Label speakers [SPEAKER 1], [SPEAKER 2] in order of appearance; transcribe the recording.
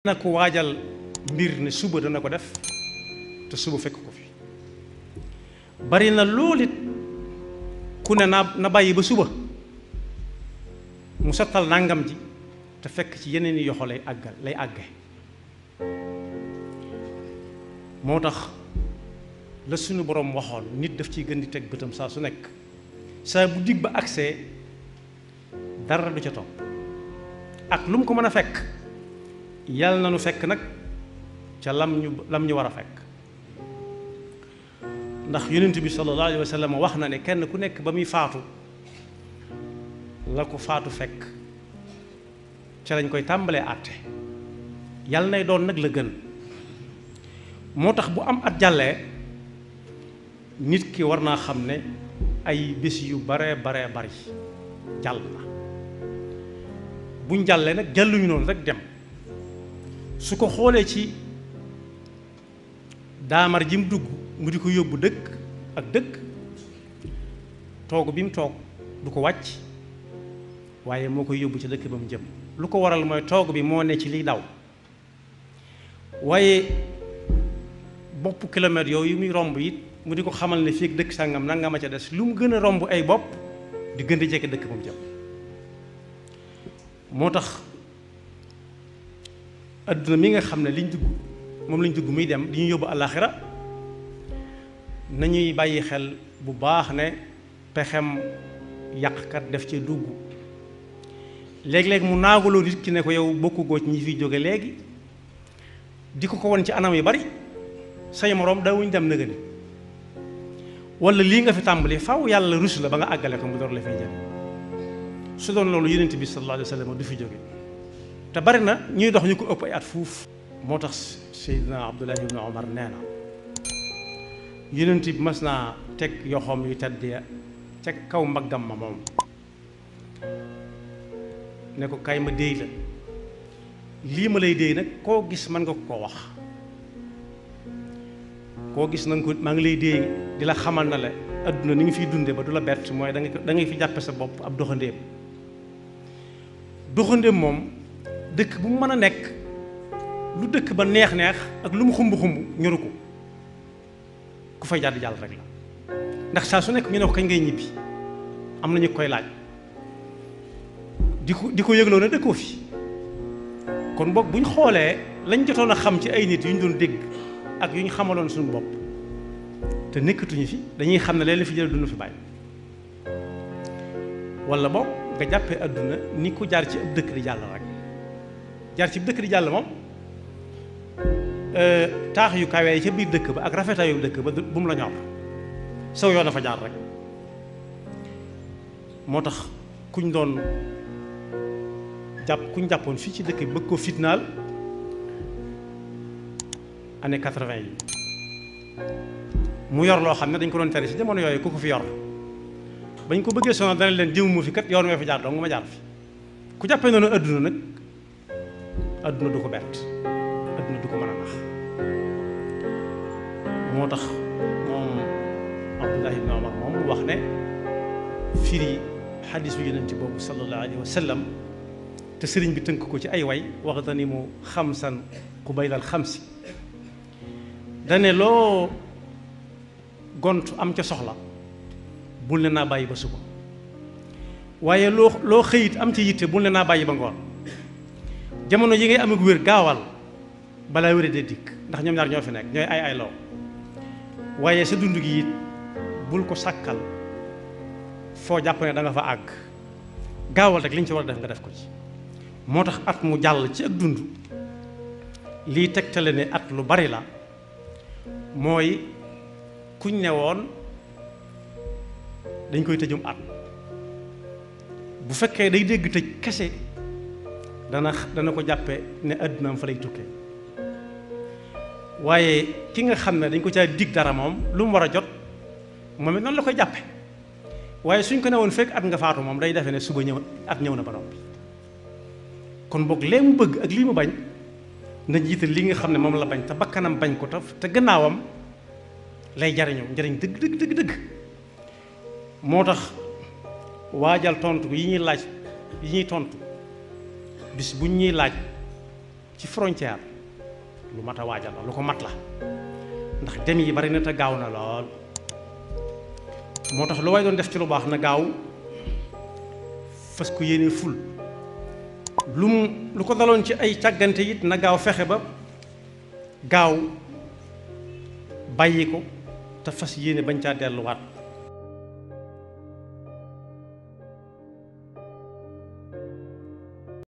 [SPEAKER 1] na ko waajal mbir ne suba dana ko def te suba fekk ko fi bari na lolit ku ne na baye ba suba mu nangam ji te fekk ci yenen yi lay lay agge motax le sunu borom waxoon nit daf ci gëndi tek bëtam su nek sa bu dig ba accès dara du ca top ak lum ko meuna yal na nu fekk nag ca lam ñu lam ñu war a fekk ndax yonent bi solo alayhi la sallam wax na ne kenn ku nekk ba muy faatu la ko faatu fekk ca lañ koy tàmbalee àtte yàlla nay doon nag la gën moo tax bu am at jàllee nit ki war naa xam ne ay bis yu bare bare bari jàll na buñ jàllee nag jàlluñu noonu rek dem su ko xoolee ci daamar ji mu dugg mu di ko yóbbu dëkk ak dëkk toogu bi mu toog du ko wàcc waaye moo koy yóbbu ci dëkk ba mu jëm lu ko waral mooy toogu bi moo ne ci liy daw waaye bopp kilomètres yooyu muy romb it mu di ko xamal ne fii ak dëkk nanga ma ca des lu mu gën a romb ay bopp di gën di jege dëkk ba mu jëm moo tax adduna mi nga xam ne liñ dugg moom liñ dugg muy dem di ñu yóbbu na ñuy bàyyi xel bu baax ne pexem yàqkat def ci dugg léeg-léeg mu naaguloo nit ki ne ko yow bokku goo ci ñi fiy jóge léegi di ko ko won ci anam yu bari say moroom dawuñ dem nëgëni wala lii nga fi tàmbali faw yàlla rus la ba nga àggale ko mu door la fiy jëm su doon loolu yonent bi sallallahu alayhi wa sallam du fi jóge te bari na ñuy dox ñu ko ëpp ay at fuuf moo tax Seydina Abdullahi ibnu Omar nee na yonent bi mas naa teg yoxoom yu tedd ca kaw mbaggam ma moom ne ko kaay ma déy la lii ma lay déy nag koo gis man nga ko ko wax koo gis na ko maa ngi lay déy di la xamal na la adduna ni ngi fiy dunde ba du la bett mooy da dangay fi jàppe sa bopp ab doxandéem doxandéem moom dëkk bu mu mën a nekk lu dëkk ba neex-neex ak lu mu xumb-xumb ñoru ko ku fa jàdd jàll rek la ndax saa su nekk ñu ne ko kañ ngay ñibbi am na ñu koy laaj di ko di ko yëgloo ne dëkkoo fi kon boog bu ñu xoolee lañ jotoon a xam ci ay nit yu ñu doon dégg ak yu ñu xamaloon suñu bopp te nekkatuñu fi dañuy xam ne leen fi jële dund fi bàyyi wala boog nga jàppee adduna ni ku jaar ci ab dëkk di jàll rek jar ci dëkk di jàll moom euh, taax yu kawe ca biir dëkk ba ak rafetaayu dëkk ba bu mu la ñor saw yoo dafa jaar rek moo tax kuñ doon jàpp kuñ jàppoon fii ci dëkk bi bëgg ko fitnaal année quatre-vingt yi mu yor loo xam ne dañ ko doon tere ci jamono yooyu ku ko fi yor bañ ko bëggee sonal dana leen jëmu mu fi kat yoon wee fa jaar dong ma jaar fi ku jàppee noonu adduna nag adduna du ko bett adduna du ko mën moo tax moom Abdullah ibn Omar moom wax ne firi xadis bu yonent boobu sallallahu alayhi wa sallam te sëriñ bi tënk ko ci ay way waxta ni mu xam bay xamsan xam si dane loo gont am ca soxla bul ne naa bàyyi ba suba waaye loo loo xëyit am ci yitte bul ne naa bàyyi ba ngoon jamono yi ngay ak wër gawal bala wër naryo fenek ndax ñom ñaar ño fi sakal, ñoy ay ay law waye sa dundu gi bul ko sakal fo da nga fa ag gawal rek li ci wara def nga def ko ci motax at mu jall ci ak dundu li tektale ne at lu bari la moy kuñ newon dañ koy tejum at bu fekke day deg tej dana dana ko jàppe ne àddunaam fa lay tukke waaye ki nga xam ne dañ ko ca digg dara moom lu mu war a jot moom it noonu la ko jàppe waaye suñ ko ne woon fekk at nga faatu moom day defe ne suba ñëw at ñëw na ba noppi kon boog lee mu bëgg ak lii mu bañ na jiital li nga xam ne moom la bañ te bakkanam bañ ko taf te gannaawam lay jariñoo njariñ dëgg dëgg dëgg dëgg moo tax waajal tontu yi ñuy laaj yi ñuy tontu bis buñ ñuy laaj ci frontière lu mat a waajal la lu ko mat la ndax dem yi bari na te gaaw na lool moo tax lu way doon def ci lu baax na gaaw fas ko yéene ful lu mu lu ko daloon ci ay càggante it na gaaw fexe ba gaaw bàyyi ko te fas yéene bañ caa delluwaat